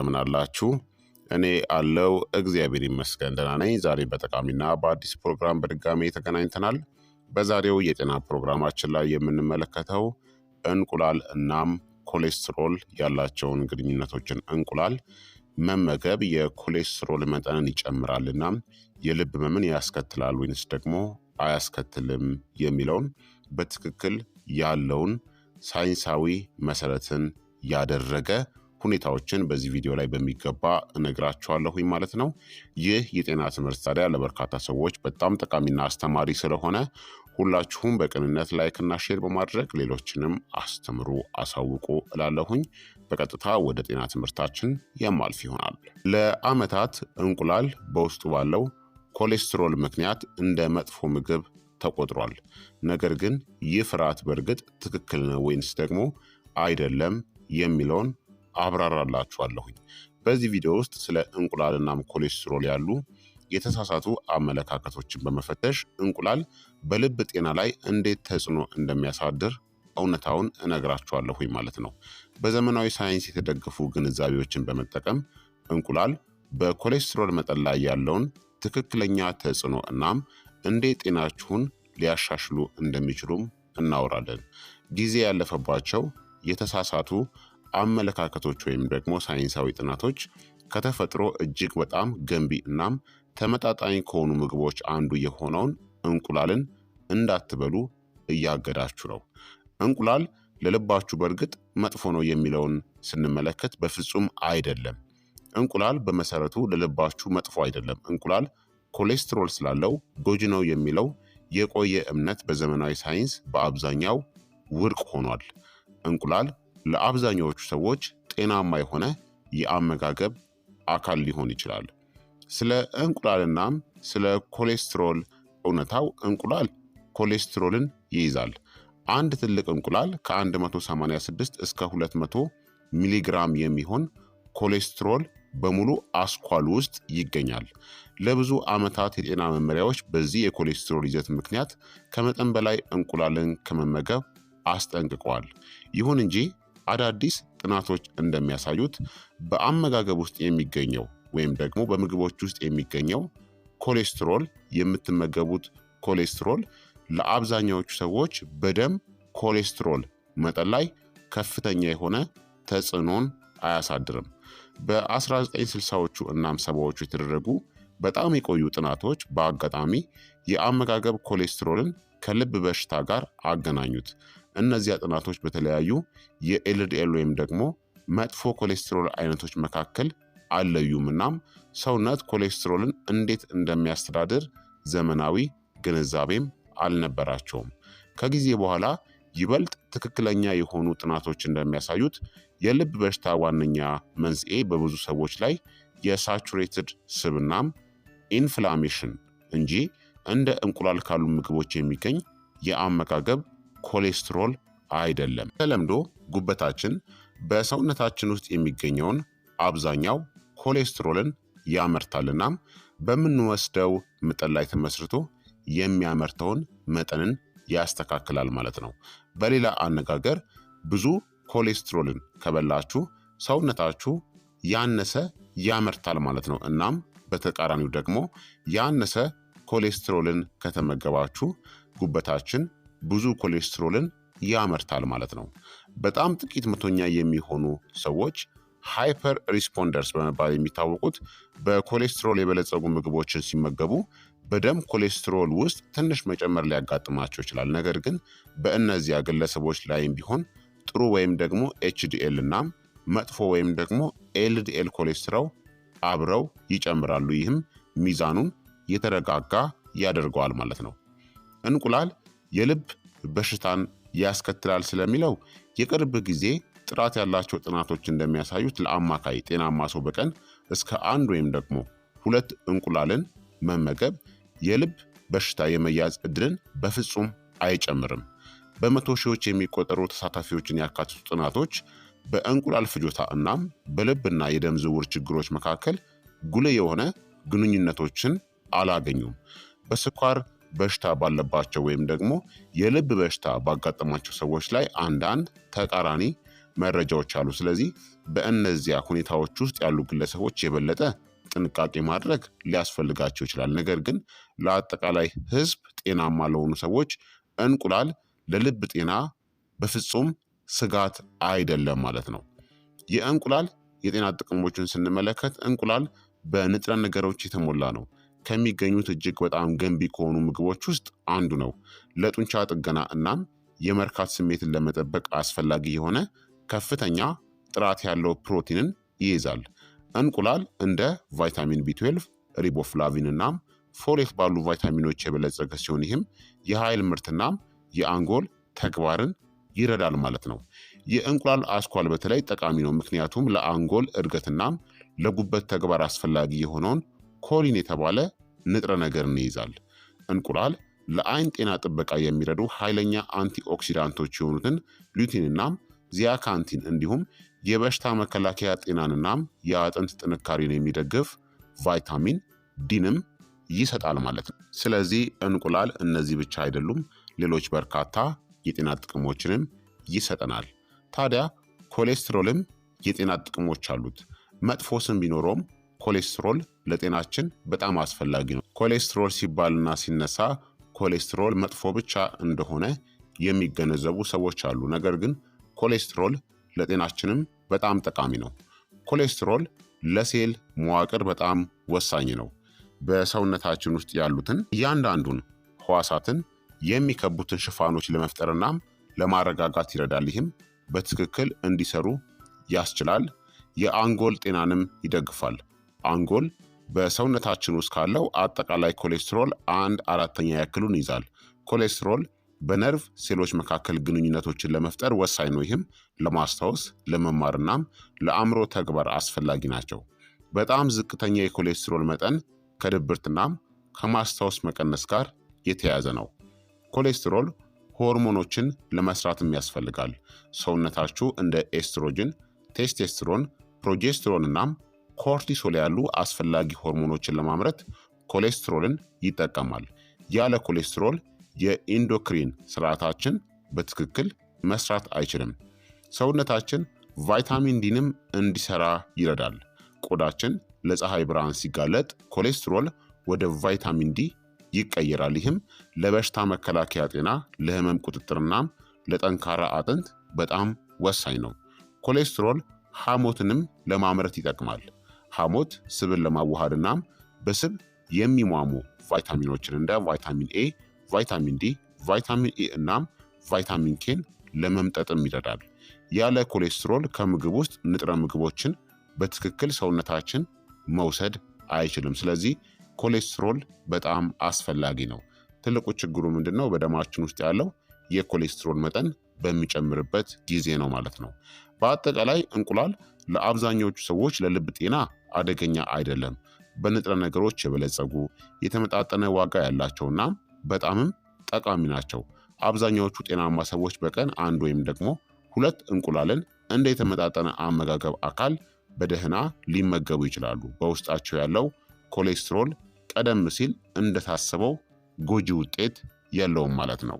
እንደምናላችሁ እኔ አለው እግዚአብሔር ይመስገን ደህና ነኝ። ዛሬ በጠቃሚና በአዲስ ፕሮግራም በድጋሜ ተገናኝተናል። በዛሬው የጤና ፕሮግራማችን ላይ የምንመለከተው እንቁላል እናም ኮሌስትሮል ያላቸውን ግንኙነቶችን። እንቁላል መመገብ የኮሌስትሮል መጠንን ይጨምራል እናም የልብ ህመምን ያስከትላል ወይንስ ደግሞ አያስከትልም የሚለውን በትክክል ያለውን ሳይንሳዊ መሰረትን ያደረገ ሁኔታዎችን በዚህ ቪዲዮ ላይ በሚገባ እነግራችኋለሁኝ ማለት ነው። ይህ የጤና ትምህርት ታዲያ ለበርካታ ሰዎች በጣም ጠቃሚና አስተማሪ ስለሆነ ሁላችሁም በቅንነት ላይክና ሼር በማድረግ ሌሎችንም አስተምሩ፣ አሳውቁ እላለሁኝ። በቀጥታ ወደ ጤና ትምህርታችን የማልፍ ይሆናል። ለአመታት እንቁላል በውስጡ ባለው ኮሌስትሮል ምክንያት እንደ መጥፎ ምግብ ተቆጥሯል። ነገር ግን ይህ ፍርሃት በእርግጥ ትክክል ነው ወይንስ ደግሞ አይደለም የሚለውን አብራራላችኋለሁኝ። በዚህ ቪዲዮ ውስጥ ስለ እንቁላልናም ኮሌስትሮል ያሉ የተሳሳቱ አመለካከቶችን በመፈተሽ እንቁላል በልብ ጤና ላይ እንዴት ተጽዕኖ እንደሚያሳድር እውነታውን እነግራችኋለሁኝ ማለት ነው። በዘመናዊ ሳይንስ የተደገፉ ግንዛቤዎችን በመጠቀም እንቁላል በኮሌስትሮል መጠን ላይ ያለውን ትክክለኛ ተጽዕኖ እናም እንዴት ጤናችሁን ሊያሻሽሉ እንደሚችሉም እናወራለን። ጊዜ ያለፈባቸው የተሳሳቱ አመለካከቶች ወይም ደግሞ ሳይንሳዊ ጥናቶች ከተፈጥሮ እጅግ በጣም ገንቢ እናም ተመጣጣኝ ከሆኑ ምግቦች አንዱ የሆነውን እንቁላልን እንዳትበሉ እያገዳችሁ ነው። እንቁላል ለልባችሁ በእርግጥ መጥፎ ነው የሚለውን ስንመለከት በፍጹም አይደለም። እንቁላል በመሰረቱ ለልባችሁ መጥፎ አይደለም። እንቁላል ኮሌስትሮል ስላለው ጎጂ ነው የሚለው የቆየ እምነት በዘመናዊ ሳይንስ በአብዛኛው ውድቅ ሆኗል። እንቁላል ለአብዛኛዎቹ ሰዎች ጤናማ የሆነ የአመጋገብ አካል ሊሆን ይችላል። ስለ እንቁላልናም ስለ ኮሌስትሮል እውነታው እንቁላል ኮሌስትሮልን ይይዛል። አንድ ትልቅ እንቁላል ከ186 እስከ 200 ሚሊግራም የሚሆን ኮሌስትሮል በሙሉ አስኳል ውስጥ ይገኛል። ለብዙ ዓመታት የጤና መመሪያዎች በዚህ የኮሌስትሮል ይዘት ምክንያት ከመጠን በላይ እንቁላልን ከመመገብ አስጠንቅቀዋል። ይሁን እንጂ አዳዲስ ጥናቶች እንደሚያሳዩት በአመጋገብ ውስጥ የሚገኘው ወይም ደግሞ በምግቦች ውስጥ የሚገኘው ኮሌስትሮል የምትመገቡት ኮሌስትሮል ለአብዛኛዎቹ ሰዎች በደም ኮሌስትሮል መጠን ላይ ከፍተኛ የሆነ ተጽዕኖን አያሳድርም። በ1960ዎቹ እናም ሰባዎቹ የተደረጉ በጣም የቆዩ ጥናቶች በአጋጣሚ የአመጋገብ ኮሌስትሮልን ከልብ በሽታ ጋር አገናኙት። እነዚያ ጥናቶች በተለያዩ የኤልዲኤል ወይም ደግሞ መጥፎ ኮሌስትሮል አይነቶች መካከል አለዩም። እናም ሰውነት ኮሌስትሮልን እንዴት እንደሚያስተዳድር ዘመናዊ ግንዛቤም አልነበራቸውም። ከጊዜ በኋላ ይበልጥ ትክክለኛ የሆኑ ጥናቶች እንደሚያሳዩት የልብ በሽታ ዋነኛ መንስኤ በብዙ ሰዎች ላይ የሳቹሬትድ ስብናም ኢንፍላሜሽን እንጂ እንደ እንቁላል ካሉ ምግቦች የሚገኝ የአመጋገብ ኮሌስትሮል አይደለም። ተለምዶ ጉበታችን በሰውነታችን ውስጥ የሚገኘውን አብዛኛው ኮሌስትሮልን ያመርታልናም በምንወስደው መጠን ላይ ተመስርቶ የሚያመርተውን መጠንን ያስተካክላል ማለት ነው። በሌላ አነጋገር ብዙ ኮሌስትሮልን ከበላችሁ ሰውነታችሁ ያነሰ ያመርታል ማለት ነው። እናም በተቃራኒው ደግሞ ያነሰ ኮሌስትሮልን ከተመገባችሁ ጉበታችን ብዙ ኮሌስትሮልን ያመርታል ማለት ነው። በጣም ጥቂት መቶኛ የሚሆኑ ሰዎች ሃይፐር ሪስፖንደርስ በመባል የሚታወቁት በኮሌስትሮል የበለጸጉ ምግቦችን ሲመገቡ በደም ኮሌስትሮል ውስጥ ትንሽ መጨመር ሊያጋጥማቸው ይችላል። ነገር ግን በእነዚያ ግለሰቦች ላይም ቢሆን ጥሩ ወይም ደግሞ ኤችዲኤል እና መጥፎ ወይም ደግሞ ኤልዲኤል ኮሌስትሮል አብረው ይጨምራሉ። ይህም ሚዛኑን የተረጋጋ ያደርገዋል ማለት ነው። እንቁላል የልብ በሽታን ያስከትላል ስለሚለው የቅርብ ጊዜ ጥራት ያላቸው ጥናቶች እንደሚያሳዩት ለአማካይ ጤናማ ሰው በቀን እስከ አንድ ወይም ደግሞ ሁለት እንቁላልን መመገብ የልብ በሽታ የመያዝ እድልን በፍጹም አይጨምርም። በመቶ ሺዎች የሚቆጠሩ ተሳታፊዎችን ያካትቱ ጥናቶች በእንቁላል ፍጆታ እናም በልብና የደም ዝውውር ችግሮች መካከል ጉልህ የሆነ ግንኙነቶችን አላገኙም። በስኳር በሽታ ባለባቸው ወይም ደግሞ የልብ በሽታ ባጋጠማቸው ሰዎች ላይ አንዳንድ ተቃራኒ መረጃዎች አሉ። ስለዚህ በእነዚያ ሁኔታዎች ውስጥ ያሉ ግለሰቦች የበለጠ ጥንቃቄ ማድረግ ሊያስፈልጋቸው ይችላል። ነገር ግን ለአጠቃላይ ሕዝብ ጤናማ ለሆኑ ሰዎች እንቁላል ለልብ ጤና በፍጹም ስጋት አይደለም ማለት ነው። የእንቁላል የጤና ጥቅሞችን ስንመለከት እንቁላል በንጥረ ነገሮች የተሞላ ነው። ከሚገኙት እጅግ በጣም ገንቢ ከሆኑ ምግቦች ውስጥ አንዱ ነው። ለጡንቻ ጥገና እናም የመርካት ስሜትን ለመጠበቅ አስፈላጊ የሆነ ከፍተኛ ጥራት ያለው ፕሮቲንን ይይዛል። እንቁላል እንደ ቫይታሚን ቢ12፣ ሪቦፍላቪን እናም ፎሌት ባሉ ቫይታሚኖች የበለጸገ ሲሆን ይህም የኃይል ምርትናም የአንጎል ተግባርን ይረዳል ማለት ነው። የእንቁላል አስኳል በተለይ ጠቃሚ ነው፣ ምክንያቱም ለአንጎል እድገትናም ለጉበት ተግባር አስፈላጊ የሆነውን ኮሊን የተባለ ንጥረ ነገርን ይይዛል። እንቁላል ለአይን ጤና ጥበቃ የሚረዱ ኃይለኛ አንቲኦክሲዳንቶች የሆኑትን ሉቲንናም ዚያካንቲን እንዲሁም የበሽታ መከላከያ ጤናንናም የአጥንት ጥንካሬን የሚደግፍ ቫይታሚን ዲንም ይሰጣል ማለት ነው። ስለዚህ እንቁላል እነዚህ ብቻ አይደሉም፣ ሌሎች በርካታ የጤና ጥቅሞችንም ይሰጠናል። ታዲያ ኮሌስትሮልም የጤና ጥቅሞች አሉት። መጥፎ ስም ቢኖረውም ኮሌስትሮል ለጤናችን በጣም አስፈላጊ ነው። ኮሌስትሮል ሲባልና ሲነሳ ኮሌስትሮል መጥፎ ብቻ እንደሆነ የሚገነዘቡ ሰዎች አሉ። ነገር ግን ኮሌስትሮል ለጤናችንም በጣም ጠቃሚ ነው። ኮሌስትሮል ለሴል መዋቅር በጣም ወሳኝ ነው። በሰውነታችን ውስጥ ያሉትን እያንዳንዱን ህዋሳትን የሚከቡትን ሽፋኖች ለመፍጠርናም ለማረጋጋት ይረዳል። ይህም በትክክል እንዲሰሩ ያስችላል። የአንጎል ጤናንም ይደግፋል። አንጎል በሰውነታችን ውስጥ ካለው አጠቃላይ ኮሌስትሮል አንድ አራተኛ ያክሉን ይዛል። ኮሌስትሮል በነርቭ ሴሎች መካከል ግንኙነቶችን ለመፍጠር ወሳኝ ነው። ይህም ለማስታወስ ለመማርናም ለአእምሮ ተግባር አስፈላጊ ናቸው። በጣም ዝቅተኛ የኮሌስትሮል መጠን ከድብርትናም ከማስታወስ መቀነስ ጋር የተያያዘ ነው። ኮሌስትሮል ሆርሞኖችን ለመስራትም ያስፈልጋል። ሰውነታችሁ እንደ ኤስትሮጅን፣ ቴስቴስትሮን፣ ፕሮጀስትሮን እናም ኮርቲሶል ያሉ አስፈላጊ ሆርሞኖችን ለማምረት ኮሌስትሮልን ይጠቀማል። ያለ ኮሌስትሮል የኢንዶክሪን ስርዓታችን በትክክል መስራት አይችልም። ሰውነታችን ቫይታሚን ዲንም እንዲሰራ ይረዳል። ቆዳችን ለፀሐይ ብርሃን ሲጋለጥ ኮሌስትሮል ወደ ቫይታሚን ዲ ይቀየራል። ይህም ለበሽታ መከላከያ፣ ጤና፣ ለህመም ቁጥጥርናም ለጠንካራ አጥንት በጣም ወሳኝ ነው። ኮሌስትሮል ሐሞትንም ለማምረት ይጠቅማል። ሐሞት ስብን ለማዋሃድ እናም በስብ የሚሟሙ ቫይታሚኖችን እንደ ቫይታሚን ኤ፣ ቫይታሚን ዲ፣ ቫይታሚን ኢ እናም ቫይታሚን ኬን ለመምጠጥም ይረዳል። ያለ ኮሌስትሮል ከምግብ ውስጥ ንጥረ ምግቦችን በትክክል ሰውነታችን መውሰድ አይችልም። ስለዚህ ኮሌስትሮል በጣም አስፈላጊ ነው። ትልቁ ችግሩ ምንድን ነው? በደማችን ውስጥ ያለው የኮሌስትሮል መጠን በሚጨምርበት ጊዜ ነው ማለት ነው። በአጠቃላይ እንቁላል ለአብዛኞቹ ሰዎች ለልብ ጤና አደገኛ አይደለም። በንጥረ ነገሮች የበለጸጉ የተመጣጠነ ዋጋ ያላቸውና በጣምም ጠቃሚ ናቸው። አብዛኛዎቹ ጤናማ ሰዎች በቀን አንድ ወይም ደግሞ ሁለት እንቁላልን እንደ የተመጣጠነ አመጋገብ አካል በደህና ሊመገቡ ይችላሉ። በውስጣቸው ያለው ኮሌስትሮል ቀደም ሲል እንደታሰበው ጎጂ ውጤት የለውም ማለት ነው።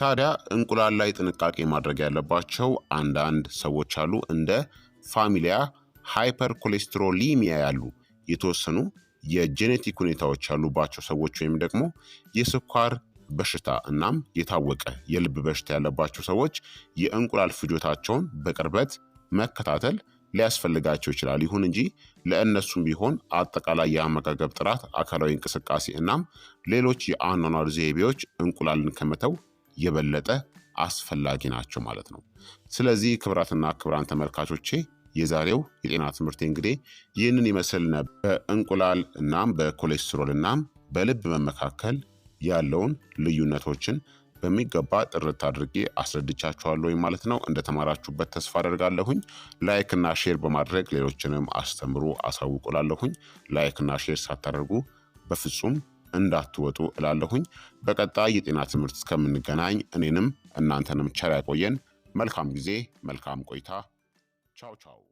ታዲያ እንቁላል ላይ ጥንቃቄ ማድረግ ያለባቸው አንዳንድ ሰዎች አሉ። እንደ ፋሚሊያ ሃይፐር ኮሌስትሮሊሚያ ያሉ የተወሰኑ የጄኔቲክ ሁኔታዎች ያሉባቸው ሰዎች ወይም ደግሞ የስኳር በሽታ እናም የታወቀ የልብ በሽታ ያለባቸው ሰዎች የእንቁላል ፍጆታቸውን በቅርበት መከታተል ሊያስፈልጋቸው ይችላል። ይሁን እንጂ ለእነሱም ቢሆን አጠቃላይ የአመጋገብ ጥራት፣ አካላዊ እንቅስቃሴ እናም ሌሎች የአኗኗር ዘይቤዎች እንቁላልን ከመተው የበለጠ አስፈላጊ ናቸው ማለት ነው። ስለዚህ ክብራትና ክብራን ተመልካቾቼ የዛሬው የጤና ትምህርት እንግዲህ ይህንን ይመስል ነበር። በእንቁላል እናም በኮሌስትሮል እናም በልብ መመካከል ያለውን ልዩነቶችን በሚገባ ጥርት አድርጌ አስረድቻችኋለሁ ማለት ነው። እንደተማራችሁበት ተስፋ አደርጋለሁኝ። ላይክ እና ሼር በማድረግ ሌሎችንም አስተምሩ፣ አሳውቁላለሁኝ። ላይክ እና ሼር ሳታደርጉ በፍጹም እንዳትወጡ እላለሁኝ። በቀጣይ የጤና ትምህርት እስከምንገናኝ እኔንም እናንተንም ቸር ያቆየን። መልካም ጊዜ፣ መልካም ቆይታ Tchau, tchau.